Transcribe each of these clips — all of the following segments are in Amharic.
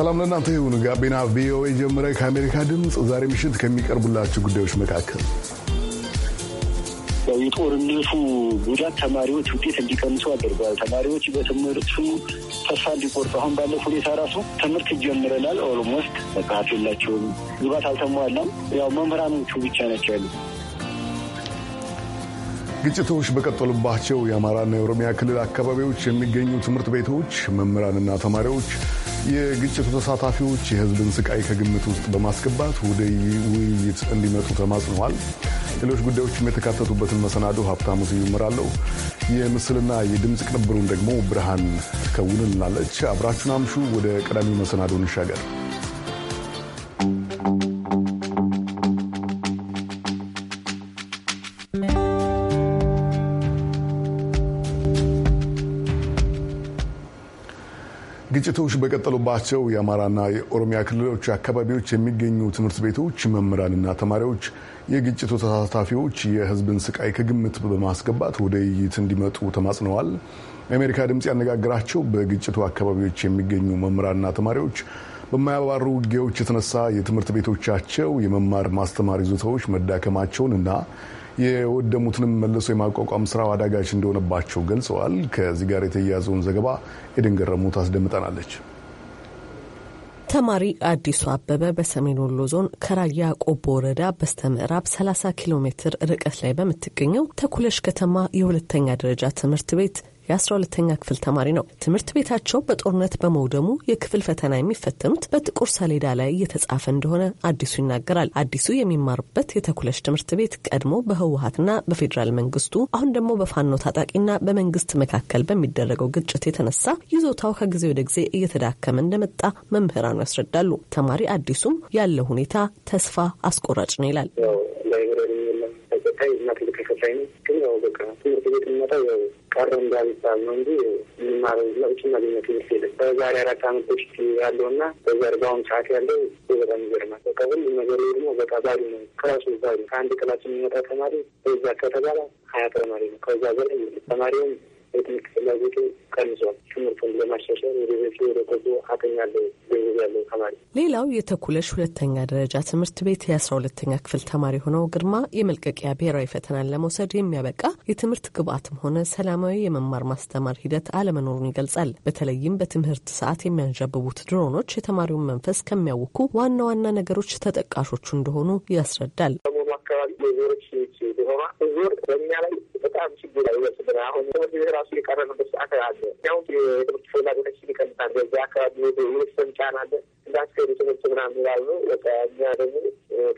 ሰላም ለእናንተ ይሁን። ጋቢና ቪኦኤ ጀምረ ከአሜሪካ ድምፅ ዛሬ ምሽት ከሚቀርቡላቸው ጉዳዮች መካከል የጦርነቱ ጉዳት ተማሪዎች ውጤት እንዲቀንሱ አድርጓል። ተማሪዎች በትምህርቱ ተስፋ እንዲቆርጡ አሁን ባለው ሁኔታ ራሱ ትምህርት ይጀምረናል ኦልሞስት መጽሐፍ የላቸውም፣ ግባት አልተሟላም። ያው መምህራኖቹ ብቻ ናቸው ያሉ። ግጭቶች በቀጠሉባቸው የአማራና የኦሮሚያ ክልል አካባቢዎች የሚገኙ ትምህርት ቤቶች መምህራንና ተማሪዎች የግጭቱ ተሳታፊዎች የህዝብን ስቃይ ከግምት ውስጥ በማስገባት ወደ ውይይት እንዲመጡ ተማጽነዋል። ሌሎች ጉዳዮችም የተካተቱበትን መሰናዶ ሀብታሙ ስዩም የምስልና የድምፅ ቅንብሩን ደግሞ ብርሃን ትከውንልናለች። አብራችሁን አምሹ። ወደ ቀዳሚ መሰናዶ እንሻገር። ግጭቶች በቀጠሉባቸው የአማራና የኦሮሚያ ክልሎች አካባቢዎች የሚገኙ ትምህርት ቤቶች መምህራንና ተማሪዎች የግጭቱ ተሳታፊዎች የሕዝብን ስቃይ ከግምት በማስገባት ወደ ውይይት እንዲመጡ ተማጽነዋል። የአሜሪካ ድምፅ ያነጋገራቸው በግጭቱ አካባቢዎች የሚገኙ መምህራንና ተማሪዎች በማያባሩ ውጊያዎች የተነሳ የትምህርት ቤቶቻቸው የመማር ማስተማር ይዞታዎች መዳከማቸውን እና የወደሙትንም መልሶ የማቋቋም ስራው አዳጋች እንደሆነባቸው ገልጸዋል። ከዚህ ጋር የተያያዘውን ዘገባ ኤደን ገረሙ ታስደምጠናለች። ተማሪ አዲሱ አበበ በሰሜን ወሎ ዞን ከራያ ቆቦ ወረዳ በስተ ምዕራብ 30 ኪሎ ሜትር ርቀት ላይ በምትገኘው ተኩለሽ ከተማ የሁለተኛ ደረጃ ትምህርት ቤት የ12ተኛ ክፍል ተማሪ ነው። ትምህርት ቤታቸው በጦርነት በመውደሙ የክፍል ፈተና የሚፈተኑት በጥቁር ሰሌዳ ላይ እየተጻፈ እንደሆነ አዲሱ ይናገራል። አዲሱ የሚማርበት የተኩለሽ ትምህርት ቤት ቀድሞ በህወሀትና በፌዴራል መንግስቱ አሁን ደግሞ በፋኖ ታጣቂና በመንግስት መካከል በሚደረገው ግጭት የተነሳ ይዞታው ከጊዜ ወደ ጊዜ እየተዳከመ እንደመጣ መምህራኑ ያስረዳሉ። ተማሪ አዲሱም ያለው ሁኔታ ተስፋ አስቆራጭ ነው ይላል። ሲታይ እና ትልቅ ተከታይ ነው። ግን ያው በቃ ትምህርት ቤት የሚመጣው ያው ቀረ እንዳልባል ነው እንጂ የምንማረው ለውጭ ማግኘት ትምህርት የለም። በዛሬ አራት አመት በፊት ያለው እና በዛሬ በአሁኑ ሰዓት ያለው በጣም ይገርማል። በቃ ሁሉም ነገር ደግሞ በቃ ባሪ ነው። ክላሱ ባሪ ከአንድ ክላስ የሚመጣ ተማሪ በዛ ከተባለ ሀያ ተማሪ ነው። ከዛ በላይ ተማሪውም የትምህርት ፍላጎቱ ቀንሷል። ትምህርቱን ለማሻሻል ወደ ቤቱ ወደ ቆዶ አቅም ገንዘብ ያለው ተማሪ። ሌላው የተኩለሽ ሁለተኛ ደረጃ ትምህርት ቤት የአስራ ሁለተኛ ክፍል ተማሪ ሆነው ግርማ የመልቀቂያ ብሔራዊ ፈተናን ለመውሰድ የሚያበቃ የትምህርት ግብዓትም ሆነ ሰላማዊ የመማር ማስተማር ሂደት አለመኖሩን ይገልጻል። በተለይም በትምህርት ሰዓት የሚያንዣብቡት ድሮኖች የተማሪውን መንፈስ ከሚያውኩ ዋና ዋና ነገሮች ተጠቃሾቹ እንደሆኑ ያስረዳል። አካባቢ የዞሮች ሆኗ ዞር በእኛ ላይ በጣም ችግር ይመስል አሁን ትምህርት ቤት ራሱ የቀረንበት ሰዓት አለ። ያሁን የትምህርት ፍላጎታችን ሲል ይቀንሳል። በዚ አካባቢ የቤተሰብ ጫና አለ። እንዳስገዱ ትምህርት ምናምን ይላሉ። በቃ እኛ ደግሞ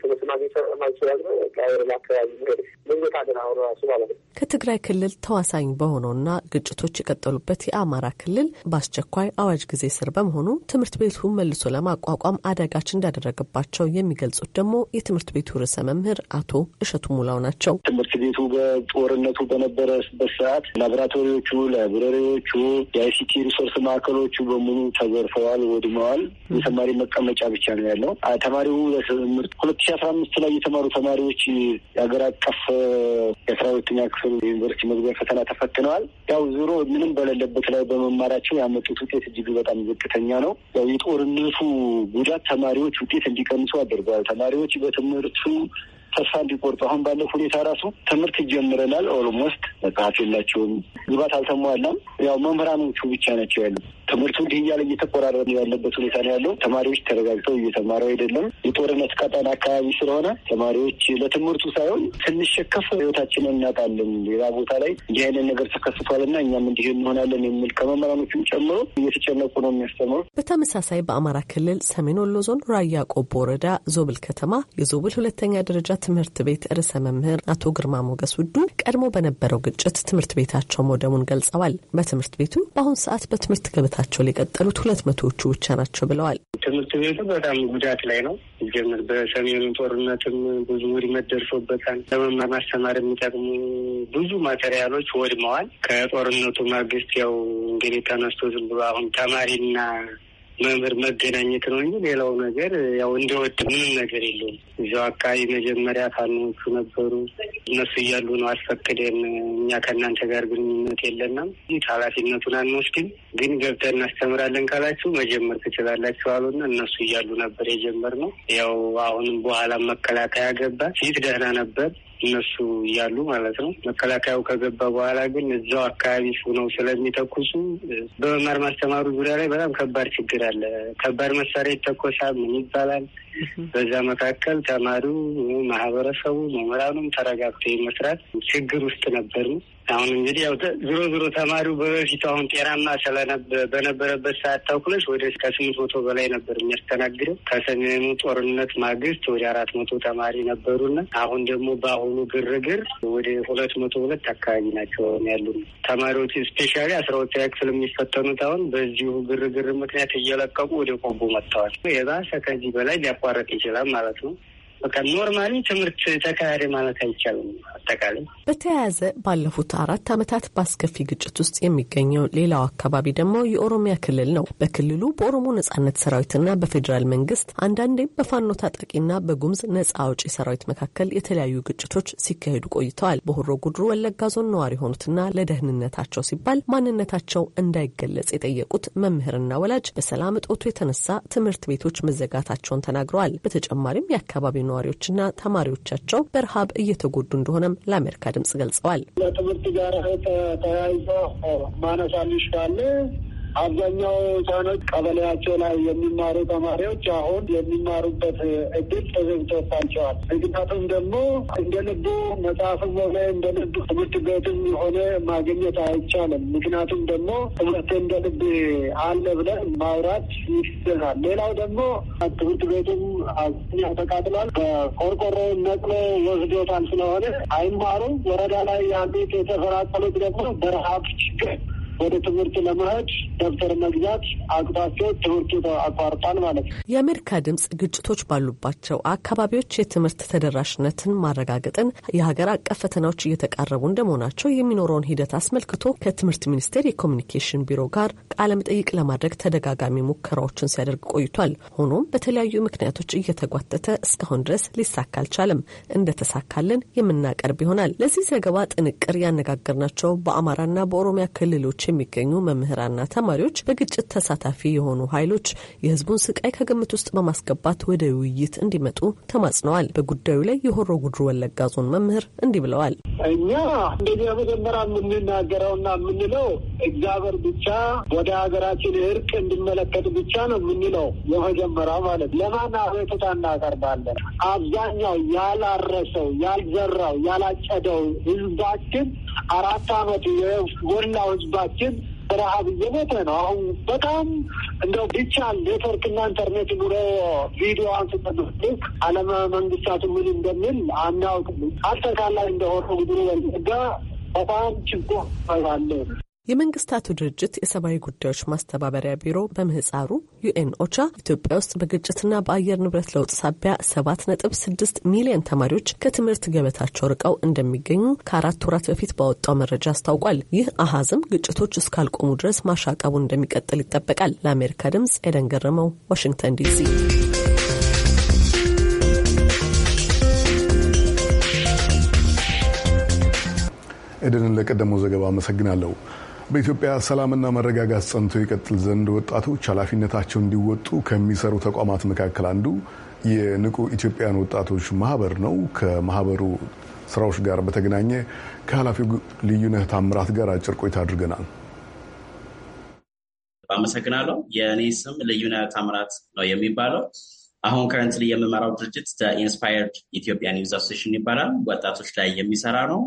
ትምህርት ማግኘት ማይችላል ነው በቃ ወደ አካባቢ መሄድ ምኞት አለን አሁን ራሱ ማለት ነው። ከትግራይ ክልል ተዋሳኝ በሆነውና ግጭቶች የቀጠሉበት የአማራ ክልል በአስቸኳይ አዋጅ ጊዜ ስር በመሆኑ ትምህርት ቤቱ መልሶ ለማቋቋም አዳጋች እንዳደረገባቸው የሚገልጹት ደግሞ የትምህርት ቤቱ ርዕሰ መምህር አቶ አቶ እሸቱ ሙላው ናቸው። ትምህርት ቤቱ በጦርነቱ በነበረበት ሰዓት ላቦራቶሪዎቹ፣ ላይብረሪዎቹ፣ የአይሲቲ ሪሶርስ ማዕከሎቹ በሙሉ ተዘርፈዋል፣ ወድመዋል። የተማሪ መቀመጫ ብቻ ነው ያለው። ተማሪው ለትምህርት ሁለት ሺ አስራ አምስት ላይ የተማሩ ተማሪዎች የሀገር አቀፍ የአስራ ሁለተኛ ክፍል ዩኒቨርሲቲ መግቢያ ፈተና ተፈትነዋል። ያው ዞሮ ምንም በሌለበት ላይ በመማራቸው ያመጡት ውጤት እጅግ በጣም ዝቅተኛ ነው። ያው የጦርነቱ ጉዳት ተማሪዎች ውጤት እንዲቀንሱ አድርገዋል። ተማሪዎች በትምህርቱ ተስፋ እንዲቆርጡ አሁን ባለው ሁኔታ ራሱ ትምህርት ይጀምረናል። ኦልሞስት መጽሐፍ የላቸውም፣ ግባት አልተሟላም። ያው መምህራኖቹ ብቻ ናቸው ያሉ። ትምህርቱ እንዲህ እያለ እየተቆራረጠ ያለበት ሁኔታ ነው ያለው። ተማሪዎች ተረጋግተው እየተማረው አይደለም። የጦርነት ቀጠና አካባቢ ስለሆነ ተማሪዎች ለትምህርቱ ሳይሆን ስንሸከፍ ህይወታችንን እናጣለን። ሌላ ቦታ ላይ እንዲህ አይነት ነገር ተከስቷልና እኛም እንዲህ እንሆናለን የሚል ከመምህራኖቹም ጨምሮ እየተጨነቁ ነው የሚያስተምሩ። በተመሳሳይ በአማራ ክልል ሰሜን ወሎ ዞን ራያ ቆቦ ወረዳ ዞብል ከተማ የዞብል ሁለተኛ ደረጃ ትምህርት ቤት ርዕሰ መምህር አቶ ግርማ ሞገስ ውዱ ቀድሞ በነበረው ግጭት ትምህርት ቤታቸው መውደሙን ገልጸዋል። በትምህርት ቤቱ በአሁኑ ሰዓት በትምህርት ገበታቸው ሊቀጠሉት ሁለት መቶዎቹ ብቻ ናቸው ብለዋል። ትምህርት ቤቱ በጣም ጉዳት ላይ ነው። ጀምር በሰሜኑ ጦርነትም ብዙ ውድመት ደርሶበታል። ለመማር ማስተማር የሚጠቅሙ ብዙ ማቴሪያሎች ወድመዋል። ከጦርነቱ ማግስት ያው እንግዲህ ተነስቶ ዝም ብሎ አሁን ተማሪና መምህር መገናኘት ነው እንጂ ሌላው ነገር ያው እንደወድ ምንም ነገር የለውም። እዚው አካባቢ መጀመሪያ ፋኖቹ ነበሩ። እነሱ እያሉ ነው አስፈቅደን እኛ ከእናንተ ጋር ግንኙነት የለንም፣ ኃላፊነቱን አንወስድም፣ ግን ገብተን እናስተምራለን ካላችሁ መጀመር ትችላላችሁ አሉና እነሱ እያሉ ነበር የጀመርነው። ያው አሁንም በኋላ መከላከያ ገባ። ፊት ደህና ነበር እነሱ እያሉ ማለት ነው። መከላከያው ከገባ በኋላ ግን እዛው አካባቢ ሆነው ስለሚተኩሱ በመማር ማስተማሩ ዙሪያ ላይ በጣም ከባድ ችግር አለ። ከባድ መሳሪያ ይተኮሳል። ምን ይባላል በዛ መካከል ተማሪው፣ ማህበረሰቡ፣ መምህራኑም ተረጋግቶ መስራት ችግር ውስጥ ነበር። አሁን እንግዲህ ያው ዞሮ ዞሮ ተማሪው በበፊቱ አሁን ጤናማ በነበረበት ሰዓት ተኩለች ወደ ከስምንት መቶ በላይ ነበር የሚያስተናግደው። ከሰሜኑ ጦርነት ማግስት ወደ አራት መቶ ተማሪ ነበሩና አሁን ደግሞ በአሁኑ ግርግር ወደ ሁለት መቶ ሁለት አካባቢ ናቸው ያሉ ተማሪዎች። ስፔሻሊ አስራ ሁለተኛ ክፍል የሚፈተኑት አሁን በዚሁ ግርግር ምክንያት እየለቀቁ ወደ ቆቦ መጥተዋል። የባሰ ከዚህ በላይ ሊያ ሊያቋረጥ ይችላል ማለት ነው። በቃ ኖርማሊ ትምህርት ተካሄደ ማለት አይቻልም። አጠቃላይ በተያያዘ ባለፉት አራት ዓመታት በአስከፊ ግጭት ውስጥ የሚገኘው ሌላው አካባቢ ደግሞ የኦሮሚያ ክልል ነው። በክልሉ በኦሮሞ ነጻነት ሰራዊትና በፌዴራል መንግስት አንዳንዴም በፋኖ ታጣቂና በጉምዝ ነጻ አውጪ ሰራዊት መካከል የተለያዩ ግጭቶች ሲካሄዱ ቆይተዋል። በሆሮ ጉድሩ ወለጋ ዞን ነዋሪ የሆኑትና ለደህንነታቸው ሲባል ማንነታቸው እንዳይገለጽ የጠየቁት መምህርና ወላጅ በሰላም እጦቱ የተነሳ ትምህርት ቤቶች መዘጋታቸውን ተናግረዋል። በተጨማሪም የአካባቢው ነዋሪዎችና ተማሪዎቻቸው በረሃብ እየተጎዱ እንደሆነም ለአሜሪካ ድምጽ ገልጸዋል። ለትምህርት ጋር ተያይዞ ማነሳልሽ ካለ አብዛኛው ህጻኖች ቀበሌያቸው ላይ የሚማሩ ተማሪዎች አሁን የሚማሩበት እድል ተዘግቶባቸዋል። ምክንያቱም ደግሞ እንደ ልቡ መጽሐፍም ሆነ እንደ ልብ ትምህርት ቤትም ሆነ ማግኘት አይቻልም። ምክንያቱም ደግሞ ትምህርት እንደ ልብ አለ ብለን ማውራት ይስናል። ሌላው ደግሞ ትምህርት ቤቱም አብዛኛው ተቃጥሏል። በቆርቆሮ ነቅሎ ወስዶታል። ስለሆነ አይማሩም። ወረዳ ላይ ያሉት የተፈራቀሉት ደግሞ በረሀብ ችግር ወደ ትምህርት ለመሄድ ደብተር መግዛት አቅቷቸው ትምህርቱ አቋርጧል ማለት ነው። የአሜሪካ ድምጽ ግጭቶች ባሉባቸው አካባቢዎች የትምህርት ተደራሽነትን ማረጋገጥን የሀገር አቀፍ ፈተናዎች እየተቃረቡ እንደመሆናቸው የሚኖረውን ሂደት አስመልክቶ ከትምህርት ሚኒስቴር የኮሚኒኬሽን ቢሮ ጋር ቃለ መጠይቅ ለማድረግ ተደጋጋሚ ሙከራዎችን ሲያደርግ ቆይቷል። ሆኖም በተለያዩ ምክንያቶች እየተጓተተ እስካሁን ድረስ ሊሳካ አልቻለም። እንደተሳካልን የምናቀርብ ይሆናል። ለዚህ ዘገባ ጥንቅር ያነጋገርናቸው በአማራና በኦሮሚያ ክልሎች የሚገኙ መምህራንና ተማሪዎች በግጭት ተሳታፊ የሆኑ ኃይሎች የህዝቡን ስቃይ ከግምት ውስጥ በማስገባት ወደ ውይይት እንዲመጡ ተማጽነዋል። በጉዳዩ ላይ የሆሮ ጉድሩ ወለጋ ዞን መምህር እንዲህ ብለዋል። እኛ እንደዚህ በመጀመሪያ የምንናገረውና የምንለው እግዚአብሔር ብቻ ወደ ሀገራችን እርቅ እንዲመለከት ብቻ ነው የምንለው። የመጀመሪያ ማለት ለማን አቤቱታ እናቀርባለን? አብዛኛው ያላረሰው ያልዘራው ያላጨደው ህዝባችን አራት አመት የሞላው ህዝባችን ህዝባችን በረሀብ እየሞተ ነው። አሁን በጣም እንደው ቢቻል ኔትወርክና ኢንተርኔት ኑሮ ቪዲዮ አንስተን ልክ ዓለም መንግስታቱ ምን እንደሚል አናውቅም። አጠቃላይ እንደሆነ ጉድሩ በጣም ችግር አለ። የመንግስታቱ ድርጅት የሰብአዊ ጉዳዮች ማስተባበሪያ ቢሮ በምህፃሩ ዩኤን ኦቻ ኢትዮጵያ ውስጥ በግጭትና በአየር ንብረት ለውጥ ሳቢያ ሰባት ነጥብ ስድስት ሚሊዮን ተማሪዎች ከትምህርት ገበታቸው ርቀው እንደሚገኙ ከአራት ወራት በፊት ባወጣው መረጃ አስታውቋል። ይህ አሃዝም ግጭቶች እስካልቆሙ ድረስ ማሻቀቡ እንደሚቀጥል ይጠበቃል። ለአሜሪካ ድምጽ ኤደን ገረመው፣ ዋሽንግተን ዲሲ። ኤደንን ለቀደመው ዘገባ አመሰግናለሁ። በኢትዮጵያ ሰላምና መረጋጋት ጸንቶ ይቀጥል ዘንድ ወጣቶች ኃላፊነታቸውን እንዲወጡ ከሚሰሩ ተቋማት መካከል አንዱ የንቁ ኢትዮጵያን ወጣቶች ማህበር ነው። ከማህበሩ ስራዎች ጋር በተገናኘ ከኃላፊው ልዩነት ታምራት ጋር አጭር ቆይታ አድርገናል። አመሰግናለሁ። የእኔ ስም ልዩነት ታምራት ነው የሚባለው አሁን ከረንትሊ የምመራው ድርጅት ኢንስፓየርድ ኢትዮጵያን ዩዝ አሶሴሽን ይባላል። ወጣቶች ላይ የሚሰራ ነው።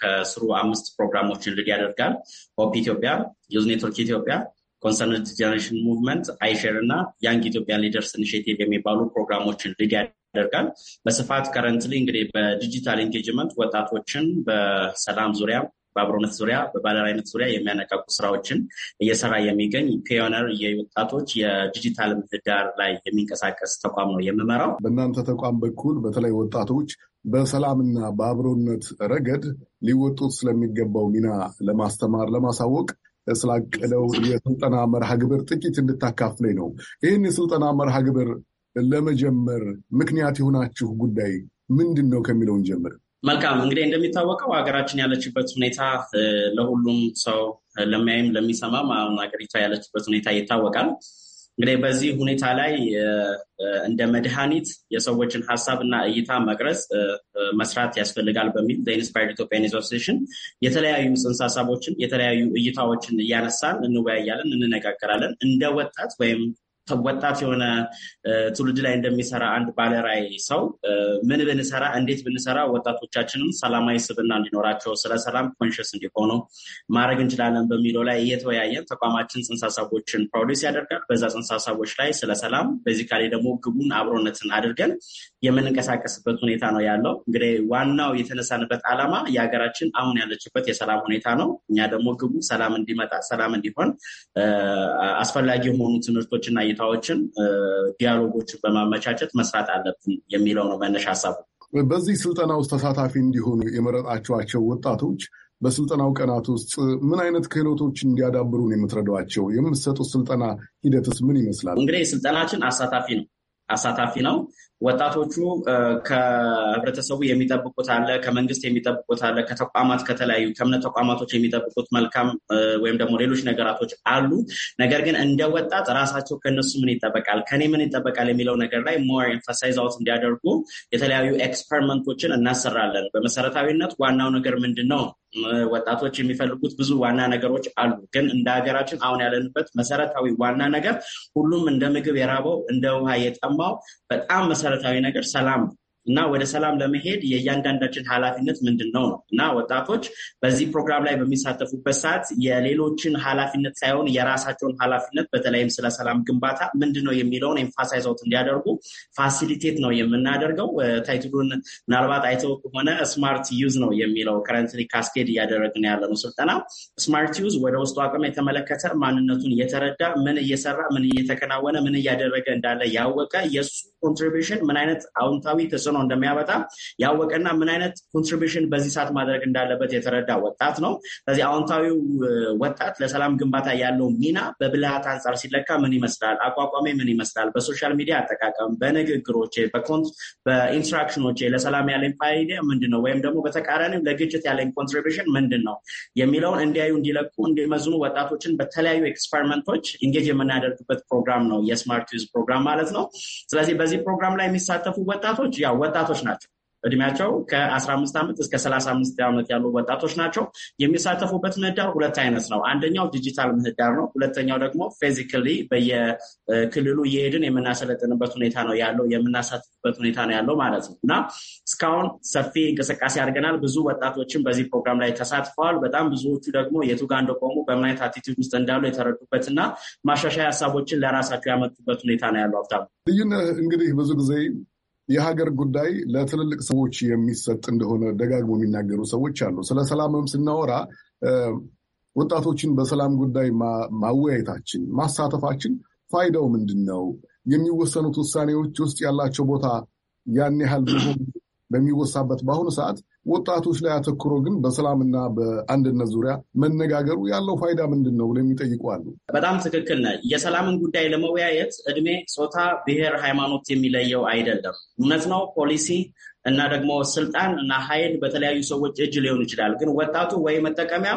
ከስሩ አምስት ፕሮግራሞችን ልድ ያደርጋል። ሆፕ ኢትዮጵያ፣ ዩዝ ኔትወርክ ኢትዮጵያ፣ ኮንሰርንድ ጀኔሬሽን ሙቭመንት፣ አይሼር እና ያንግ ኢትዮጵያን ሊደርስ ኢኒሽቲቭ የሚባሉ ፕሮግራሞችን ልድ ያደርጋል። በስፋት ከረንትሊ እንግዲህ በዲጂታል ኢንጌጅመንት ወጣቶችን በሰላም ዙሪያ በአብሮነት ዙሪያ በባለራዕይነት ዙሪያ የሚያነቃቁ ስራዎችን እየሰራ የሚገኝ ፒዮነር የወጣቶች የዲጂታል ምህዳር ላይ የሚንቀሳቀስ ተቋም ነው የምመራው። በእናንተ ተቋም በኩል በተለይ ወጣቶች በሰላምና በአብሮነት ረገድ ሊወጡት ስለሚገባው ሚና ለማስተማር ለማሳወቅ ስላቀለው የስልጠና መርሃ ግብር ጥቂት እንድታካፍለኝ ነው። ይህን የስልጠና መርሃ ግብር ለመጀመር ምክንያት የሆናችሁ ጉዳይ ምንድን ነው ከሚለውን ጀምር። መልካም እንግዲህ እንደሚታወቀው ሀገራችን ያለችበት ሁኔታ ለሁሉም ሰው ለሚያይም ለሚሰማም አሁን ሀገሪቷ ያለችበት ሁኔታ ይታወቃል። እንግዲህ በዚህ ሁኔታ ላይ እንደ መድኃኒት የሰዎችን ሀሳብ እና እይታ መቅረጽ መስራት ያስፈልጋል በሚል ኢንስፓየርድ ኢትዮጵያን አሶሲዬሽን የተለያዩ ጽንሰ ሀሳቦችን የተለያዩ እይታዎችን እያነሳን እንወያያለን፣ እንነጋገራለን። እንደ ወጣት ወይም ወጣት የሆነ ትውልድ ላይ እንደሚሰራ አንድ ባለራይ ሰው ምን ብንሰራ እንዴት ብንሰራ ወጣቶቻችንም ሰላማዊ ስብና እንዲኖራቸው ስለ ሰላም ኮንሽስ እንዲሆኑ ማድረግ እንችላለን በሚለው ላይ እየተወያየን ተቋማችን ጽንሰ ሀሳቦችን ፕሮዲስ ያደርጋል። በዛ ጽንሰ ሀሳቦች ላይ ስለ ሰላም፣ በዚህ ካሌ ደግሞ ግቡን አብሮነትን አድርገን የምንንቀሳቀስበት ሁኔታ ነው ያለው። እንግዲህ ዋናው የተነሳንበት ዓላማ የሀገራችን አሁን ያለችበት የሰላም ሁኔታ ነው። እኛ ደግሞ ግቡ ሰላም እንዲመጣ ሰላም እንዲሆን አስፈላጊ የሆኑ ትምህርቶችና እይታዎችን፣ ዲያሎጎችን በማመቻቸት መስራት አለብን የሚለው ነው መነሻ ሀሳቡ። በዚህ ስልጠና ውስጥ ተሳታፊ እንዲሆኑ የመረጣቸዋቸው ወጣቶች በስልጠናው ቀናት ውስጥ ምን አይነት ክህሎቶች እንዲያዳብሩ ነው የምትረዷቸው? የምትሰጡት ስልጠና ሂደትስ ምን ይመስላል? እንግዲህ ስልጠናችን አሳታፊ ነው። አሳታፊ ነው። ወጣቶቹ ከህብረተሰቡ የሚጠብቁት አለ፣ ከመንግስት የሚጠብቁት አለ፣ ከተቋማት ከተለያዩ ከእምነት ተቋማቶች የሚጠብቁት መልካም ወይም ደግሞ ሌሎች ነገራቶች አሉ። ነገር ግን እንደ ወጣት ራሳቸው ከነሱ ምን ይጠበቃል፣ ከኔ ምን ይጠበቃል የሚለው ነገር ላይ ሞር ኤንፈሳይዝ አውት እንዲያደርጉ የተለያዩ ኤክስፐሪመንቶችን እናሰራለን። በመሰረታዊነት ዋናው ነገር ምንድን ነው? ወጣቶች የሚፈልጉት ብዙ ዋና ነገሮች አሉ። ግን እንደ ሀገራችን አሁን ያለንበት መሰረታዊ ዋና ነገር ሁሉም እንደ ምግብ የራበው እንደ ውሃ የጠማው በጣም መሰረታዊ ነገር ሰላም ነው። እና ወደ ሰላም ለመሄድ የእያንዳንዳችን ኃላፊነት ምንድን ነው ነው እና ወጣቶች በዚህ ፕሮግራም ላይ በሚሳተፉበት ሰዓት የሌሎችን ኃላፊነት ሳይሆን የራሳቸውን ኃላፊነት በተለይም ስለ ሰላም ግንባታ ምንድን ነው የሚለውን ኤምፋሳይዘውት እንዲያደርጉ ፋሲሊቴት ነው የምናደርገው። ታይትሉን ምናልባት አይተው ከሆነ ስማርት ዩዝ ነው የሚለው ከረንትሊ ካስኬድ እያደረግን ያለነው ስልጠና ስማርት ዩዝ ወደ ውስጡ አቅም የተመለከተ ማንነቱን የተረዳ ምን እየሰራ ምን እየተከናወነ ምን እያደረገ እንዳለ ያወቀ የእሱ ኮንትሪቢሽን ምን አይነት አዎንታዊ ተጽዕኖ ነው እንደሚያመጣ ያወቀና ምን አይነት ኮንትሪቢሽን በዚህ ሰዓት ማድረግ እንዳለበት የተረዳ ወጣት ነው። ስለዚህ አዎንታዊው ወጣት ለሰላም ግንባታ ያለው ሚና በብልሃት አንጻር ሲለካ ምን ይመስላል? አቋቋሜ ምን ይመስላል? በሶሻል ሚዲያ አጠቃቀም፣ በንግግሮቼ፣ በኢንስትራክሽኖቼ ለሰላም ያለኝ ፋይዳ ምንድን ነው? ወይም ደግሞ በተቃራኒ ለግጭት ያለኝ ኮንትሪቢሽን ምንድን ነው የሚለውን እንዲያዩ፣ እንዲለቁ፣ እንዲመዝኑ ወጣቶችን በተለያዩ ኤክስፐሪመንቶች ኢንጌጅ የምናደርግበት ፕሮግራም ነው የስማርት ዩዝ ፕሮግራም ማለት ነው። ስለዚህ በዚህ ፕሮግራም ላይ የሚሳተፉ ወጣቶች ያው ወጣቶች ናቸው። እድሜያቸው ከ15 ዓመት እስከ 35 ዓመት ያሉ ወጣቶች ናቸው። የሚሳተፉበት ምህዳር ሁለት አይነት ነው። አንደኛው ዲጂታል ምህዳር ነው። ሁለተኛው ደግሞ ፊዚካሊ በየክልሉ እየሄድን የምናሰለጥንበት ሁኔታ ነው ያለው የምናሳትፍበት ሁኔታ ነው ያለው ማለት ነው እና እስካሁን ሰፊ እንቅስቃሴ አድርገናል። ብዙ ወጣቶችን በዚህ ፕሮግራም ላይ ተሳትፈዋል። በጣም ብዙዎቹ ደግሞ የቱ ጋር እንደቆሙ በምን አይነት ውስጥ እንዳሉ የተረዱበት እና ማሻሻያ ሀሳቦችን ለራሳቸው ያመጡበት ሁኔታ ነው ያለው። አብታ ልዩነት እንግዲህ ብዙ ጊዜ የሀገር ጉዳይ ለትልልቅ ሰዎች የሚሰጥ እንደሆነ ደጋግሞ የሚናገሩ ሰዎች አሉ። ስለ ሰላምም ስናወራ ወጣቶችን በሰላም ጉዳይ ማወያየታችን፣ ማሳተፋችን ፋይዳው ምንድን ነው? የሚወሰኑት ውሳኔዎች ውስጥ ያላቸው ቦታ ያን ያህል በሚወሳበት በአሁኑ ሰዓት ወጣቶች ላይ አተኩሮ ግን በሰላምና በአንድነት ዙሪያ መነጋገሩ ያለው ፋይዳ ምንድን ነው ብለው የሚጠይቁ አሉ። በጣም ትክክል ነ የሰላምን ጉዳይ ለመወያየት እድሜ፣ ጾታ፣ ብሔር፣ ሃይማኖት የሚለየው አይደለም። እውነት ነው ፖሊሲ እና ደግሞ ስልጣን እና ኃይል በተለያዩ ሰዎች እጅ ሊሆን ይችላል። ግን ወጣቱ ወይ መጠቀሚያ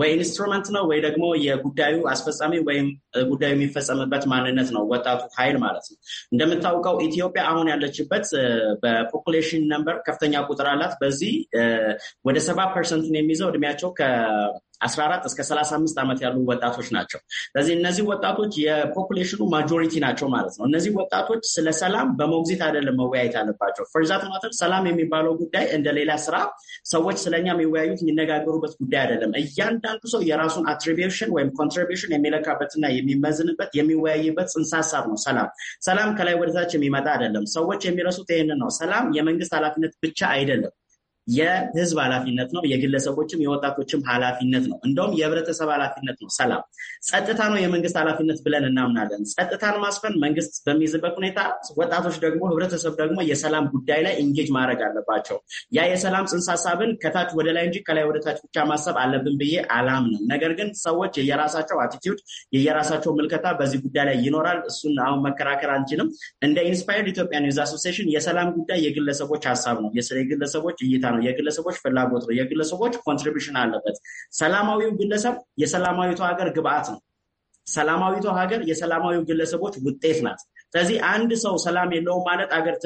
ወይ ኢንስትሩመንት ነው ወይ ደግሞ የጉዳዩ አስፈጻሚ ወይም ጉዳዩ የሚፈጸምበት ማንነት ነው ወጣቱ ኃይል ማለት ነው። እንደምታውቀው ኢትዮጵያ አሁን ያለችበት በፖፑሌሽን ነምበር ከፍተኛ ቁጥር አላት። በዚህ ወደ ሰባ ፐርሰንቱን የሚይዘው እድሜያቸው 14 እስከ 35 ዓመት ያሉ ወጣቶች ናቸው። ስለዚህ እነዚህ ወጣቶች የፖፑሌሽኑ ማጆሪቲ ናቸው ማለት ነው። እነዚህ ወጣቶች ስለ ሰላም በሞግዚት አይደለም መወያየት አለባቸው። ፈርዛት ማተር ሰላም የሚባለው ጉዳይ እንደሌላ ስራ ሰዎች ስለኛ የሚወያዩት የሚነጋገሩበት ጉዳይ አይደለም። እያንዳንዱ ሰው የራሱን አትሪቢሽን ወይም ኮንትሪቢሽን የሚለካበትና የሚመዝንበት የሚወያይበት ጽንሰ ሀሳብ ነው ሰላም። ሰላም ከላይ ወደታች የሚመጣ አይደለም። ሰዎች የሚረሱት ይህንን ነው። ሰላም የመንግስት ኃላፊነት ብቻ አይደለም። የህዝብ ኃላፊነት ነው። የግለሰቦችም የወጣቶችም ኃላፊነት ነው። እንደውም የህብረተሰብ ኃላፊነት ነው። ሰላም ጸጥታ ነው የመንግስት ኃላፊነት ብለን እናምናለን። ጸጥታን ማስፈን መንግስት በሚይዝበት ሁኔታ ወጣቶች ደግሞ ህብረተሰብ ደግሞ የሰላም ጉዳይ ላይ እንጌጅ ማድረግ አለባቸው። ያ የሰላም ጽንሰ ሀሳብን ከታች ወደ ላይ እንጂ ከላይ ወደ ታች ብቻ ማሰብ አለብን ብዬ አላምንም። ነገር ግን ሰዎች የየራሳቸው አቲቲዩድ የየራሳቸው ምልከታ በዚህ ጉዳይ ላይ ይኖራል። እሱን አሁን መከራከር አንችልም። እንደ ኢንስፓየርድ ኢትዮጵያን ዩዝ የሰላም ጉዳይ የግለሰቦች ሀሳብ ነው፣ የግለሰቦች እይታ ነው የግለሰቦች ፍላጎት ነው። የግለሰቦች ኮንትሪቢሽን አለበት። ሰላማዊው ግለሰብ የሰላማዊቷ ሀገር ግብአት ነው። ሰላማዊቷ ሀገር የሰላማዊው ግለሰቦች ውጤት ናት። ስለዚህ አንድ ሰው ሰላም የለውም ማለት አገር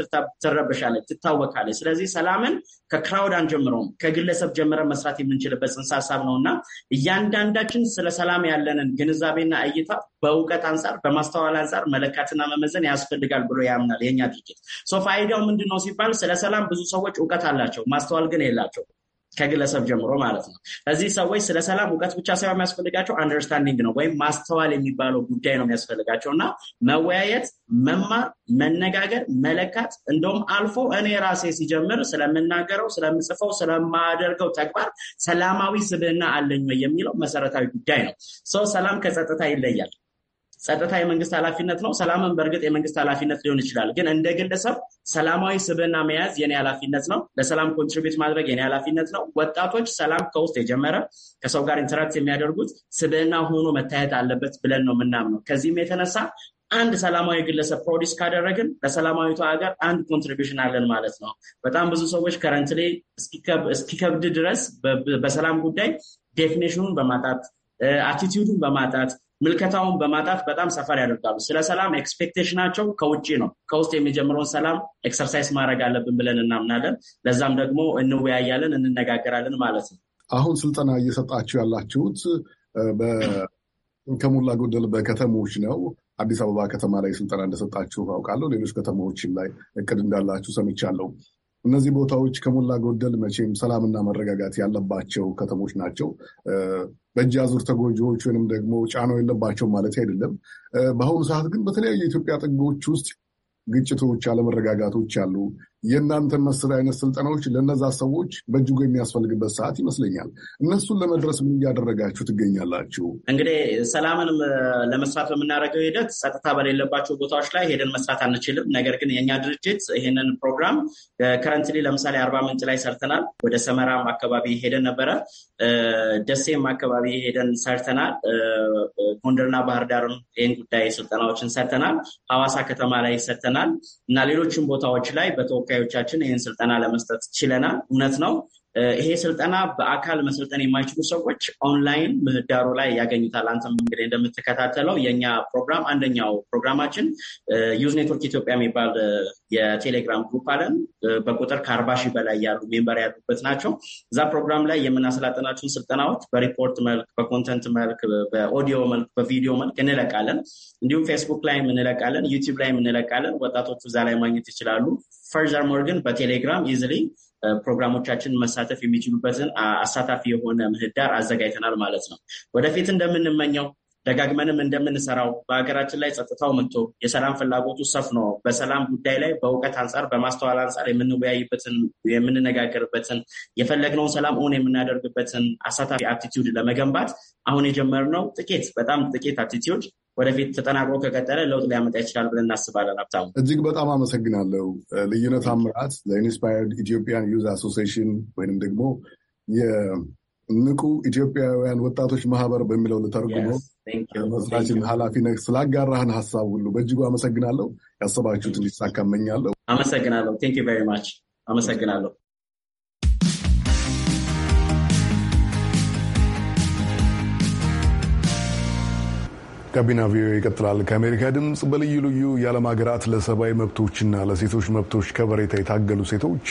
ትረበሻለች፣ ትታወካለች። ስለዚህ ሰላምን ከክራውድ አንጀምረውም ከግለሰብ ጀምረን መስራት የምንችልበት ጽንሰ ሀሳብ ነው እና እያንዳንዳችን ስለ ሰላም ያለንን ግንዛቤና እይታ በእውቀት አንጻር በማስተዋል አንጻር መለካትና መመዘን ያስፈልጋል ብሎ ያምናል የኛ ድርጅት። ሶ ፋይዳው ምንድን ነው ሲባል ስለ ሰላም ብዙ ሰዎች እውቀት አላቸው፣ ማስተዋል ግን የላቸው። ከግለሰብ ጀምሮ ማለት ነው። እዚህ ሰዎች ስለ ሰላም እውቀት ብቻ ሳይሆን የሚያስፈልጋቸው አንደርስታንዲንግ ነው ወይም ማስተዋል የሚባለው ጉዳይ ነው የሚያስፈልጋቸው እና መወያየት፣ መማር፣ መነጋገር፣ መለካት እንደውም አልፎ እኔ ራሴ ሲጀምር ስለምናገረው፣ ስለምጽፈው፣ ስለማደርገው ተግባር ሰላማዊ ስብዕና አለኝ የሚለው መሰረታዊ ጉዳይ ነው። ሰው ሰላም ከጸጥታ ይለያል። ጸጥታ የመንግስት ኃላፊነት ነው። ሰላምን በእርግጥ የመንግስት ኃላፊነት ሊሆን ይችላል። ግን እንደ ግለሰብ ሰላማዊ ስብዕና መያዝ የኔ ኃላፊነት ነው። ለሰላም ኮንትሪቢዩት ማድረግ የኔ ኃላፊነት ነው። ወጣቶች ሰላም ከውስጥ የጀመረ ከሰው ጋር ኢንተራክት የሚያደርጉት ስብዕና ሆኖ መታየት አለበት ብለን ነው ምናምነው። ከዚህም የተነሳ አንድ ሰላማዊ ግለሰብ ፕሮዲስ ካደረግን ለሰላማዊቷ ሀገር አንድ ኮንትሪቢሽን አለን ማለት ነው። በጣም ብዙ ሰዎች ከረንት ላይ እስኪከብድ ድረስ በሰላም ጉዳይ ዴፊኔሽኑን በማጣት አቲቲዩዱን በማጣት ምልከታውን በማጣት በጣም ሰፈር ያደርጋሉ። ስለ ሰላም ኤክስፔክቴሽናቸው ከውጭ ነው። ከውስጥ የሚጀምረውን ሰላም ኤክሰርሳይዝ ማድረግ አለብን ብለን እናምናለን። ለዛም ደግሞ እንወያያለን፣ እንነጋገራለን ማለት ነው። አሁን ስልጠና እየሰጣችሁ ያላችሁት ከሞላ ጎደል በከተሞች ነው። አዲስ አበባ ከተማ ላይ ስልጠና እንደሰጣችሁ አውቃለሁ። ሌሎች ከተማዎችም ላይ እቅድ እንዳላችሁ ሰምቻለሁ። እነዚህ ቦታዎች ከሞላ ጎደል መቼም ሰላምና መረጋጋት ያለባቸው ከተሞች ናቸው። በእጅ አዙር ተጎጂዎች ወይንም ደግሞ ጫናው የለባቸው ማለት አይደለም። በአሁኑ ሰዓት ግን በተለያዩ የኢትዮጵያ ጥጎች ውስጥ ግጭቶች፣ አለመረጋጋቶች አሉ። የእናንተን መሰል አይነት ስልጠናዎች ለነዛ ሰዎች በእጅጉ የሚያስፈልግበት ሰዓት ይመስለኛል። እነሱን ለመድረስ ምን እያደረጋችሁ ትገኛላችሁ? እንግዲህ ሰላምን ለመስራት በምናደርገው ሂደት ጸጥታ በሌለባቸው ቦታዎች ላይ ሄደን መስራት አንችልም። ነገር ግን የእኛ ድርጅት ይህንን ፕሮግራም ከረንትሊ ለምሳሌ አርባ ምንጭ ላይ ሰርተናል። ወደ ሰመራም አካባቢ ሄደን ነበረ። ደሴም አካባቢ ሄደን ሰርተናል። ጎንደርና ባህር ዳርም ይህን ጉዳይ ስልጠናዎችን ሰርተናል። ሐዋሳ ከተማ ላይ ሰርተናል እና ሌሎችም ቦታዎች ላይ በተወ ተወካዮቻችን ይህን ስልጠና ለመስጠት ችለናል። እውነት ነው ይሄ ስልጠና በአካል መሰልጠን የማይችሉ ሰዎች ኦንላይን ምህዳሩ ላይ ያገኙታል። አንተም እንግዲህ እንደምትከታተለው የኛ ፕሮግራም አንደኛው ፕሮግራማችን ዩዝ ኔትወርክ ኢትዮጵያ የሚባል የቴሌግራም ግሩፕ አለን። በቁጥር ከአርባ ሺህ በላይ ያሉ ሜምበር ያሉበት ናቸው። እዛ ፕሮግራም ላይ የምናሰላጠናቸውን ስልጠናዎች በሪፖርት መልክ፣ በኮንተንት መልክ፣ በኦዲዮ መልክ፣ በቪዲዮ መልክ እንለቃለን። እንዲሁም ፌስቡክ ላይም እንለቃለን፣ ዩቲዩብ ላይም እንለቃለን። ወጣቶቹ እዛ ላይ ማግኘት ይችላሉ። ፈርዘር ሞር ግን በቴሌግራም ኢዝሊ ፕሮግራሞቻችን መሳተፍ የሚችሉበትን አሳታፊ የሆነ ምህዳር አዘጋጅተናል ማለት ነው። ወደፊት እንደምንመኘው ደጋግመንም እንደምንሰራው በሀገራችን ላይ ጸጥታው መጥቶ የሰላም ፍላጎቱ ሰፍኖ በሰላም ጉዳይ ላይ በእውቀት አንጻር በማስተዋል አንጻር የምንወያይበትን የምንነጋገርበትን የፈለግነውን ሰላም እውን የምናደርግበትን አሳታፊ አቲቲዩድ ለመገንባት አሁን የጀመርነው ጥቂት በጣም ጥቂት አቲቲዩድ ወደፊት ተጠናቅሮ ከቀጠለ ለውጥ ሊያመጣ ይችላል ብለን እናስባለን። ሀብታሙ እጅግ በጣም አመሰግናለሁ። ልዩነት አምራት ለኢንስፓየርድ ኢትዮጵያን ዩዝ አሶሲሽን ወይንም ደግሞ የንቁ ኢትዮጵያውያን ወጣቶች ማህበር በሚለው ልተርጉሞ መስራችን ኃላፊ ነህ። ስላጋራህን ሀሳብ ሁሉ በእጅጉ አመሰግናለሁ። ያሰባችሁት እንዲሳካ እመኛለሁ። አመሰግናለሁ። ቴንክ ዩ ማች አመሰግናለሁ። ጋቢና ቪኦኤ ይቀጥላል። ከአሜሪካ ድምፅ በልዩ ልዩ የዓለም ሀገራት ለሰብአዊ መብቶችና ለሴቶች መብቶች ከበሬታ የታገሉ ሴቶች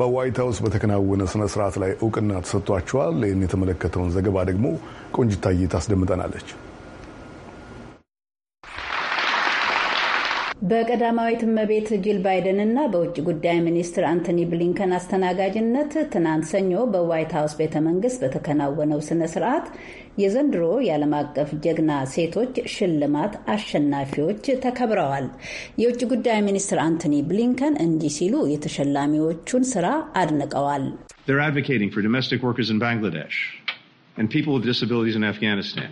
በዋይት ሀውስ በተከናወነ ስነ ስርዓት ላይ እውቅና ተሰጥቷቸዋል። ይህን የተመለከተውን ዘገባ ደግሞ ቆንጅታዬ ታስደምጠናለች። በቀዳማዊት እመቤት ጂል ባይደን እና በውጭ ጉዳይ ሚኒስትር አንቶኒ ብሊንከን አስተናጋጅነት ትናንት ሰኞ በዋይት ሀውስ ቤተ መንግስት በተከናወነው ስነ ስርዓት የዘንድሮ የዓለም አቀፍ ጀግና ሴቶች ሽልማት አሸናፊዎች ተከብረዋል። የውጭ ጉዳይ ሚኒስትር አንቶኒ ብሊንከን እንዲህ ሲሉ የተሸላሚዎቹን ስራ አድንቀዋል። They're advocating for domestic workers in Bangladesh and people with disabilities in Afghanistan.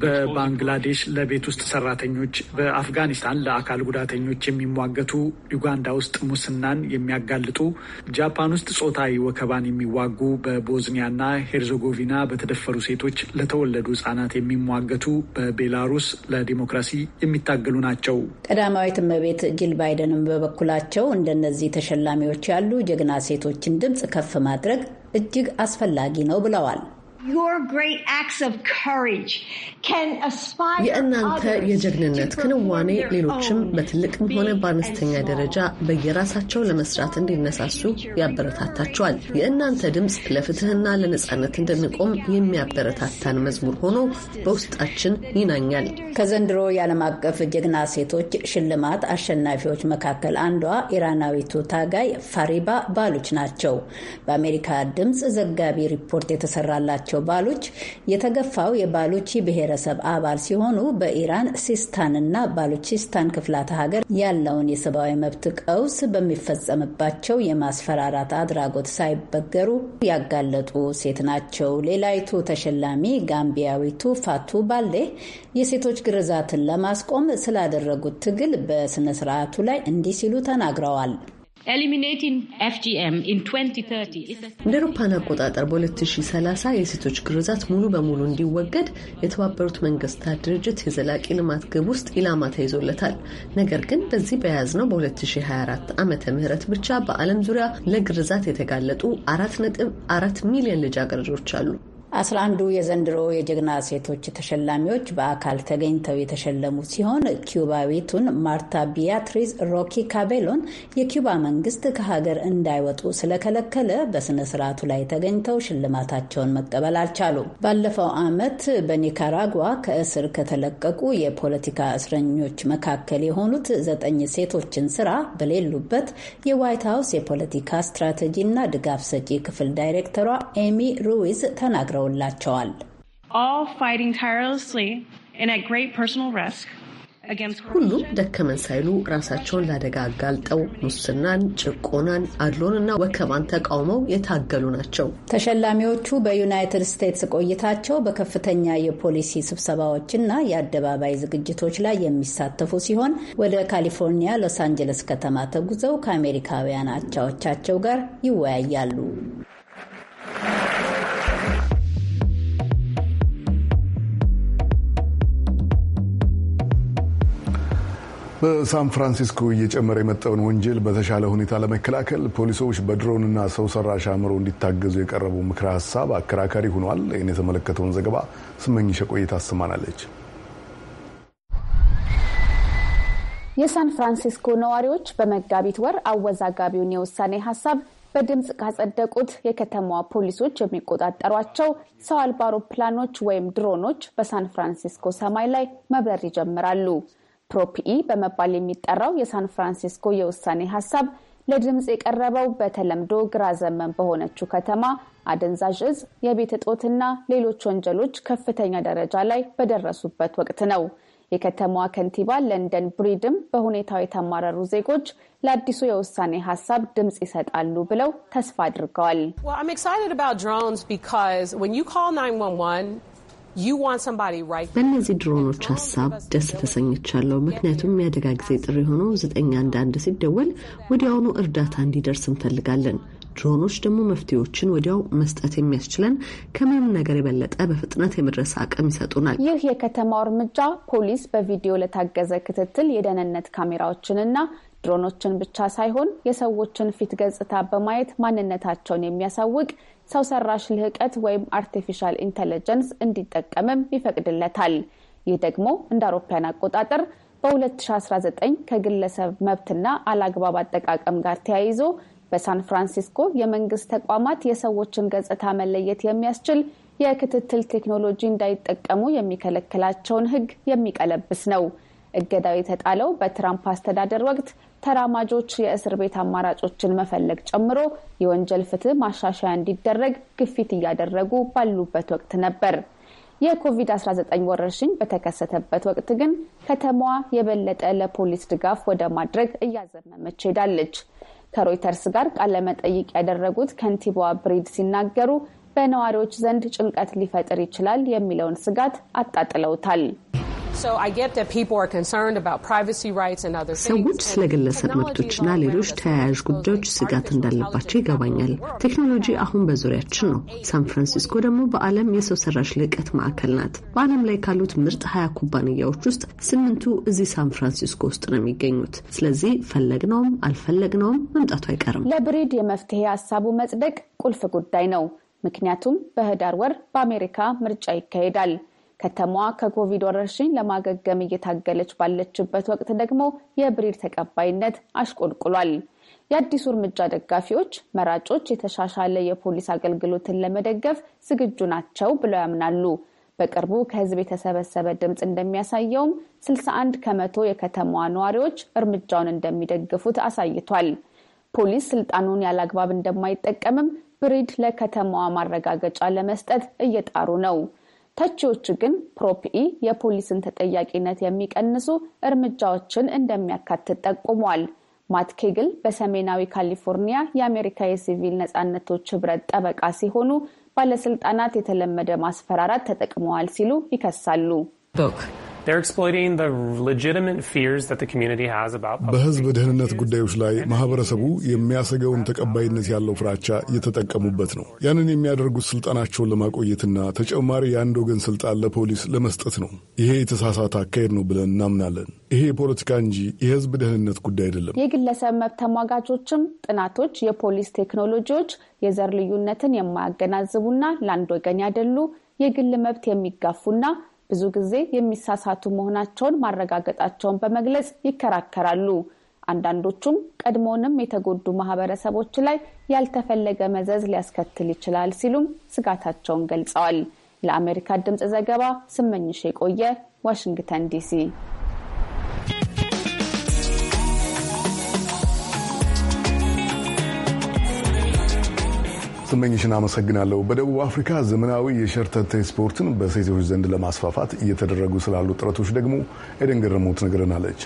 በባንግላዴሽ ለቤት ውስጥ ሰራተኞች፣ በአፍጋኒስታን ለአካል ጉዳተኞች የሚሟገቱ፣ ዩጋንዳ ውስጥ ሙስናን የሚያጋልጡ፣ ጃፓን ውስጥ ጾታዊ ወከባን የሚዋጉ፣ በቦዝኒያና ሄርዘጎቪና በተደፈሩ ሴቶች ለተወለዱ ህጻናት የሚሟገቱ፣ በቤላሩስ ለዲሞክራሲ የሚታገሉ ናቸው። ቀዳማዊት እመቤት ጂል ባይደንም በበኩላቸው እንደነዚህ ተሸላሚዎች ያሉ ጀግና ሴቶችን ድምፅ ከፍ ማድረግ እጅግ አስፈላጊ ነው ብለዋል። የእናንተ የጀግንነት ክንዋኔ ሌሎችም በትልቅም ሆነ በአነስተኛ ደረጃ በየራሳቸው ለመስራት እንዲነሳሱ ያበረታታቸዋል። የእናንተ ድምፅ ለፍትህና ለነፃነት እንድንቆም የሚያበረታታን መዝሙር ሆኖ በውስጣችን ይናኛል። ከዘንድሮ የዓለም አቀፍ ጀግና ሴቶች ሽልማት አሸናፊዎች መካከል አንዷ ኢራናዊቱ ታጋይ ፋሪባ ባሎች ናቸው። በአሜሪካ ድምፅ ዘጋቢ ሪፖርት የተሰራላቸው ያላቸው ባሎች የተገፋው የባሎቺ ብሔረሰብ አባል ሲሆኑ በኢራን ሲስታንና ባሎቺስታን ክፍላተ ሀገር ያለውን የሰብአዊ መብት ቀውስ በሚፈጸምባቸው የማስፈራራት አድራጎት ሳይበገሩ ያጋለጡ ሴት ናቸው። ሌላይቱ ተሸላሚ ጋምቢያዊቱ ፋቱ ባሌ የሴቶች ግርዛትን ለማስቆም ስላደረጉት ትግል በስነ ስርዓቱ ላይ እንዲህ ሲሉ ተናግረዋል። እንደ አውሮፓን አቆጣጠር በ2030 የሴቶች ግርዛት ሙሉ በሙሉ እንዲወገድ የተባበሩት መንግስታት ድርጅት የዘላቂ ልማት ግብ ውስጥ ኢላማ ተይዞለታል። ነገር ግን በዚህ በያዝነው በ2024 ዓመተ ምህረት ብቻ በዓለም ዙሪያ ለግርዛት የተጋለጡ አራት ነጥብ አራት ሚሊዮን ልጃገረዶች አሉ። አስራ አንዱ የዘንድሮ የጀግና ሴቶች ተሸላሚዎች በአካል ተገኝተው የተሸለሙ ሲሆን ኪዩባዊቱን ማርታ ቢያትሪዝ ሮኪ ካቤሎን የኪዩባ መንግስት ከሀገር እንዳይወጡ ስለከለከለ በስነ ስርዓቱ ላይ ተገኝተው ሽልማታቸውን መቀበል አልቻሉም። ባለፈው ዓመት በኒካራጓ ከእስር ከተለቀቁ የፖለቲካ እስረኞች መካከል የሆኑት ዘጠኝ ሴቶችን ስራ በሌሉበት የዋይት ሀውስ የፖለቲካ ስትራቴጂና ድጋፍ ሰጪ ክፍል ዳይሬክተሯ ኤሚ ሩዊዝ ተናግረዋል። ተናግረውላቸዋል። ሁሉም ደከመን ሳይሉ ራሳቸውን ለአደጋ አጋልጠው ሙስናን፣ ጭቆናን፣ አድሎንና ወከባን ተቃውመው የታገሉ ናቸው። ተሸላሚዎቹ በዩናይትድ ስቴትስ ቆይታቸው በከፍተኛ የፖሊሲ ስብሰባዎችና የአደባባይ ዝግጅቶች ላይ የሚሳተፉ ሲሆን ወደ ካሊፎርኒያ ሎስ አንጀለስ ከተማ ተጉዘው ከአሜሪካውያን አቻዎቻቸው ጋር ይወያያሉ። በሳን ፍራንሲስኮ እየጨመረ የመጣውን ወንጀል በተሻለ ሁኔታ ለመከላከል ፖሊሶች በድሮንና ሰው ሰራሽ አእምሮ እንዲታገዙ የቀረበው ምክረ ሀሳብ አከራካሪ ሆኗል። ይህን የተመለከተውን ዘገባ ስመኝሸ ቆይታ አሰማናለች። የሳን ፍራንሲስኮ ነዋሪዎች በመጋቢት ወር አወዛጋቢውን የውሳኔ ሀሳብ በድምፅ ካጸደቁት የከተማዋ ፖሊሶች የሚቆጣጠሯቸው ሰው አልባ አውሮፕላኖች ወይም ድሮኖች በሳን ፍራንሲስኮ ሰማይ ላይ መብረር ይጀምራሉ። ፕሮፒኢ በመባል የሚጠራው የሳን ፍራንሲስኮ የውሳኔ ሀሳብ ለድምፅ የቀረበው በተለምዶ ግራ ዘመን በሆነችው ከተማ አደንዛዥ እጽ፣ የቤት እጦትና ሌሎች ወንጀሎች ከፍተኛ ደረጃ ላይ በደረሱበት ወቅት ነው። የከተማዋ ከንቲባ ለንደን ብሪድም በሁኔታው የተማረሩ ዜጎች ለአዲሱ የውሳኔ ሀሳብ ድምፅ ይሰጣሉ ብለው ተስፋ አድርገዋል። በእነዚህ ድሮኖች ሀሳብ ደስ ተሰኝቻለሁ። ምክንያቱም የአደጋ ጊዜ ጥሪ ሆኖ ዘጠኝ አንድ አንድ ሲደወል ወዲያውኑ እርዳታ እንዲደርስ እንፈልጋለን። ድሮኖች ደግሞ መፍትሄዎችን ወዲያው መስጠት የሚያስችለን ከምንም ነገር የበለጠ በፍጥነት የመድረስ አቅም ይሰጡናል። ይህ የከተማው እርምጃ ፖሊስ በቪዲዮ ለታገዘ ክትትል የደህንነት ካሜራዎችንና ድሮኖችን ብቻ ሳይሆን የሰዎችን ፊት ገጽታ በማየት ማንነታቸውን የሚያሳውቅ ሰው ሰራሽ ልህቀት ወይም አርቲፊሻል ኢንተለጀንስ እንዲጠቀምም ይፈቅድለታል። ይህ ደግሞ እንደ አውሮፓያን አቆጣጠር በ2019 ከግለሰብ መብትና አላግባብ አጠቃቀም ጋር ተያይዞ በሳን ፍራንሲስኮ የመንግስት ተቋማት የሰዎችን ገጽታ መለየት የሚያስችል የክትትል ቴክኖሎጂ እንዳይጠቀሙ የሚከለክላቸውን ሕግ የሚቀለብስ ነው። እገዳው የተጣለው በትራምፕ አስተዳደር ወቅት ተራማጆች የእስር ቤት አማራጮችን መፈለግ ጨምሮ የወንጀል ፍትህ ማሻሻያ እንዲደረግ ግፊት እያደረጉ ባሉበት ወቅት ነበር። የኮቪድ-19 ወረርሽኝ በተከሰተበት ወቅት ግን ከተማዋ የበለጠ ለፖሊስ ድጋፍ ወደ ማድረግ እያዘመመች ሄዳለች። ከሮይተርስ ጋር ቃለመጠይቅ ያደረጉት ከንቲባዋ ብሪድ ሲናገሩ በነዋሪዎች ዘንድ ጭንቀት ሊፈጥር ይችላል የሚለውን ስጋት አጣጥለውታል። ሰዎች ስለ ግለሰብ መብቶችና ሌሎች ተያያዥ ጉዳዮች ስጋት እንዳለባቸው ይገባኛል። ቴክኖሎጂ አሁን በዙሪያችን ነው። ሳን ፍራንሲስኮ ደግሞ በዓለም የሰው ሰራሽ ልቀት ማዕከል ናት። በዓለም ላይ ካሉት ምርጥ ሀያ ኩባንያዎች ውስጥ ስምንቱ እዚህ ሳን ፍራንሲስኮ ውስጥ ነው የሚገኙት። ስለዚህ ፈለግነውም አልፈለግነውም መምጣቱ አይቀርም። ለብሪድ የመፍትሄ ሀሳቡ መጽደቅ ቁልፍ ጉዳይ ነው። ምክንያቱም በህዳር ወር በአሜሪካ ምርጫ ይካሄዳል። ከተማዋ ከኮቪድ ወረርሽኝ ለማገገም እየታገለች ባለችበት ወቅት ደግሞ የብሪር ተቀባይነት አሽቆልቁሏል። የአዲሱ እርምጃ ደጋፊዎች መራጮች የተሻሻለ የፖሊስ አገልግሎትን ለመደገፍ ዝግጁ ናቸው ብለው ያምናሉ። በቅርቡ ከህዝብ የተሰበሰበ ድምፅ እንደሚያሳየውም 61 ከመቶ የከተማዋ ነዋሪዎች እርምጃውን እንደሚደግፉት አሳይቷል። ፖሊስ ስልጣኑን ያለአግባብ እንደማይጠቀምም ብሪድ ለከተማዋ ማረጋገጫ ለመስጠት እየጣሩ ነው። ተቺዎቹ ግን ፕሮፕኢ የፖሊስን ተጠያቂነት የሚቀንሱ እርምጃዎችን እንደሚያካትት ጠቁሟል። ማት ኬግል በሰሜናዊ ካሊፎርኒያ የአሜሪካ የሲቪል ነጻነቶች ህብረት ጠበቃ ሲሆኑ ባለስልጣናት የተለመደ ማስፈራራት ተጠቅመዋል ሲሉ ይከሳሉ። በህዝብ ደህንነት ጉዳዮች ላይ ማህበረሰቡ የሚያሰገውን ተቀባይነት ያለው ፍራቻ እየተጠቀሙበት ነው። ያንን የሚያደርጉት ስልጣናቸውን ለማቆየትና ተጨማሪ የአንድ ወገን ስልጣን ለፖሊስ ለመስጠት ነው። ይሄ የተሳሳተ አካሄድ ነው ብለን እናምናለን። ይሄ የፖለቲካ እንጂ የህዝብ ደህንነት ጉዳይ አይደለም። የግለሰብ መብት ተሟጋቾችም ጥናቶች የፖሊስ ቴክኖሎጂዎች የዘር ልዩነትን የማያገናዝቡና ለአንድ ወገን ያደሉ የግል መብት የሚጋፉና ብዙ ጊዜ የሚሳሳቱ መሆናቸውን ማረጋገጣቸውን በመግለጽ ይከራከራሉ። አንዳንዶቹም ቀድሞውንም የተጎዱ ማህበረሰቦች ላይ ያልተፈለገ መዘዝ ሊያስከትል ይችላል ሲሉም ስጋታቸውን ገልጸዋል። ለአሜሪካ ድምፅ ዘገባ ስመኝሽ የቆየ ዋሽንግተን ዲሲ። ስመኝሽን አመሰግናለሁ። በደቡብ አፍሪካ ዘመናዊ የሸርተቴ ስፖርትን በሴቶች ዘንድ ለማስፋፋት እየተደረጉ ስላሉ ጥረቶች ደግሞ ኤደን ገረሞት ነግረናለች።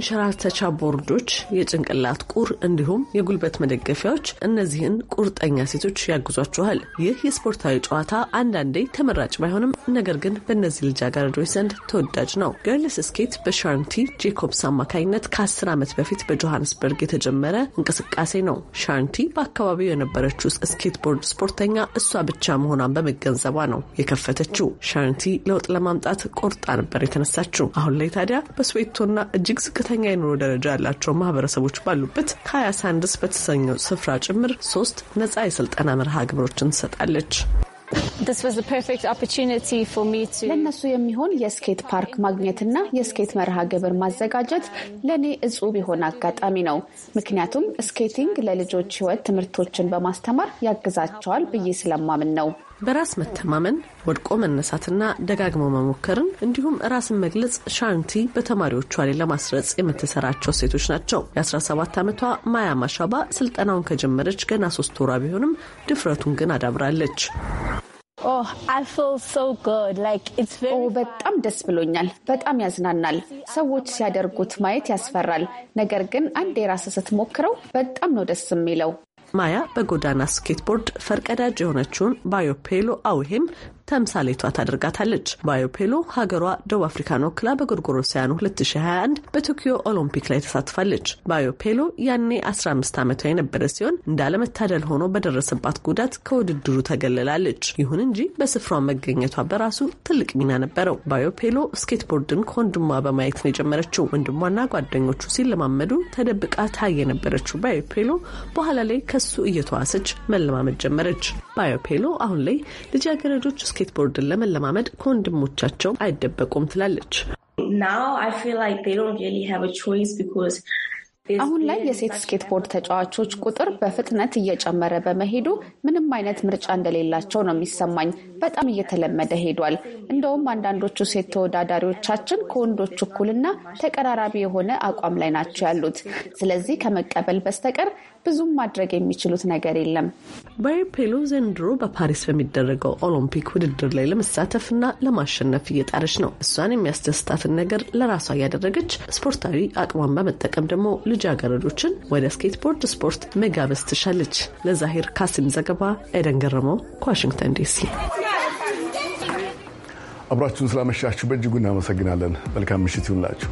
መንሸራተቻ ቦርዶች፣ የጭንቅላት ቁር እንዲሁም የጉልበት መደገፊያዎች እነዚህን ቁርጠኛ ሴቶች ያግዟችኋል። ይህ የስፖርታዊ ጨዋታ አንዳንዴ ተመራጭ ባይሆንም ነገር ግን በእነዚህ ልጃገረዶች ዘንድ ተወዳጅ ነው። ገርልስ ስኬት በሻርንቲ ጄኮብስ አማካኝነት ከአስር ዓመት በፊት በጆሃንስበርግ የተጀመረ እንቅስቃሴ ነው። ሻርንቲ በአካባቢው የነበረችው ስኬት ቦርድ ስፖርተኛ እሷ ብቻ መሆኗን በመገንዘቧ ነው የከፈተችው። ሻርንቲ ለውጥ ለማምጣት ቆርጣ ነበር የተነሳችው። አሁን ላይ ታዲያ በስዌቶና እጅግ ዝቅተ ዝቅተኛ የኑሮ ደረጃ ያላቸው ማህበረሰቦች ባሉበት ከሀያ ሳንድስ በተሰኘው ስፍራ ጭምር ሶስት ነጻ የስልጠና መርሃ ግብሮችን ትሰጣለች። ለእነሱ የሚሆን የስኬት ፓርክ ማግኘትና የስኬት መርሃ ግብር ማዘጋጀት ለእኔ እጹብ የሆነ አጋጣሚ ነው። ምክንያቱም ስኬቲንግ ለልጆች ህይወት ትምህርቶችን በማስተማር ያግዛቸዋል ብዬ ስለማምን ነው። በራስ መተማመን ወድቆ መነሳትና ደጋግሞ መሞከርን እንዲሁም ራስን መግለጽ ሻንቲ በተማሪዎቿ ላይ ለማስረጽ የምትሰራቸው ሴቶች ናቸው። የ17 ዓመቷ ማያ ማሻባ ስልጠናውን ከጀመረች ገና ሶስት ወሯ ቢሆንም ድፍረቱን ግን አዳብራለች። oh, oh, በጣም ደስ ብሎኛል። በጣም ያዝናናል። ሰዎች ሲያደርጉት ማየት ያስፈራል። ነገር ግን አንድ የራስ ስትሞክረው በጣም ነው ደስ የሚለው። ማያ በጎዳና ስኬትቦርድ ፈርቀዳጅ የሆነችውን ባዮፔሎ አውሄም ተምሳሌቷ ታደርጋታለች። ባዮፔሎ ሀገሯ ደቡብ አፍሪካን ወክላ በጎርጎሮሳውያኑ 2021 በቶኪዮ ኦሎምፒክ ላይ ተሳትፋለች። ባዮፔሎ ያኔ 15 ዓመቷ የነበረ ሲሆን እንዳለመታደል ሆኖ በደረሰባት ጉዳት ከውድድሩ ተገለላለች። ይሁን እንጂ በስፍራው መገኘቷ በራሱ ትልቅ ሚና ነበረው። ባዮፔሎ ስኬትቦርድን ከወንድሟ በማየት ነው የጀመረችው። ወንድሟና ጓደኞቹ ሲለማመዱ ተደብቃ ታይ የነበረችው ባዮፔሎ በኋላ ላይ ከሱ እየተዋሰች መለማመድ ጀመረች። ባዮፔሎ አሁን ላይ ልጃገረዶች ቦርድን ለመለማመድ ከወንድሞቻቸው አይደበቁም ትላለች። አሁን ላይ የሴት ስኬትቦርድ ተጫዋቾች ቁጥር በፍጥነት እየጨመረ በመሄዱ ምንም አይነት ምርጫ እንደሌላቸው ነው የሚሰማኝ። በጣም እየተለመደ ሄዷል። እንደውም አንዳንዶቹ ሴት ተወዳዳሪዎቻችን ከወንዶች እኩልና ተቀራራቢ የሆነ አቋም ላይ ናቸው ያሉት። ስለዚህ ከመቀበል በስተቀር ብዙም ማድረግ የሚችሉት ነገር የለም። ባይፔሎ ዘንድሮ በፓሪስ በሚደረገው ኦሎምፒክ ውድድር ላይ ለመሳተፍና ለማሸነፍ እየጣረች ነው። እሷን የሚያስደስታትን ነገር ለራሷ እያደረገች ስፖርታዊ አቅሟን በመጠቀም ደግሞ ልጃገረዶችን ወደ ስኬትቦርድ ስፖርት መጋበዝ ትሻለች። ለዛሄር ካሲም ዘገባ ኤደን ገረመው ከዋሽንግተን ዲሲ። አብራችሁን ስላመሻችሁ በእጅጉ እናመሰግናለን። መልካም ምሽት ይሁንላችሁ።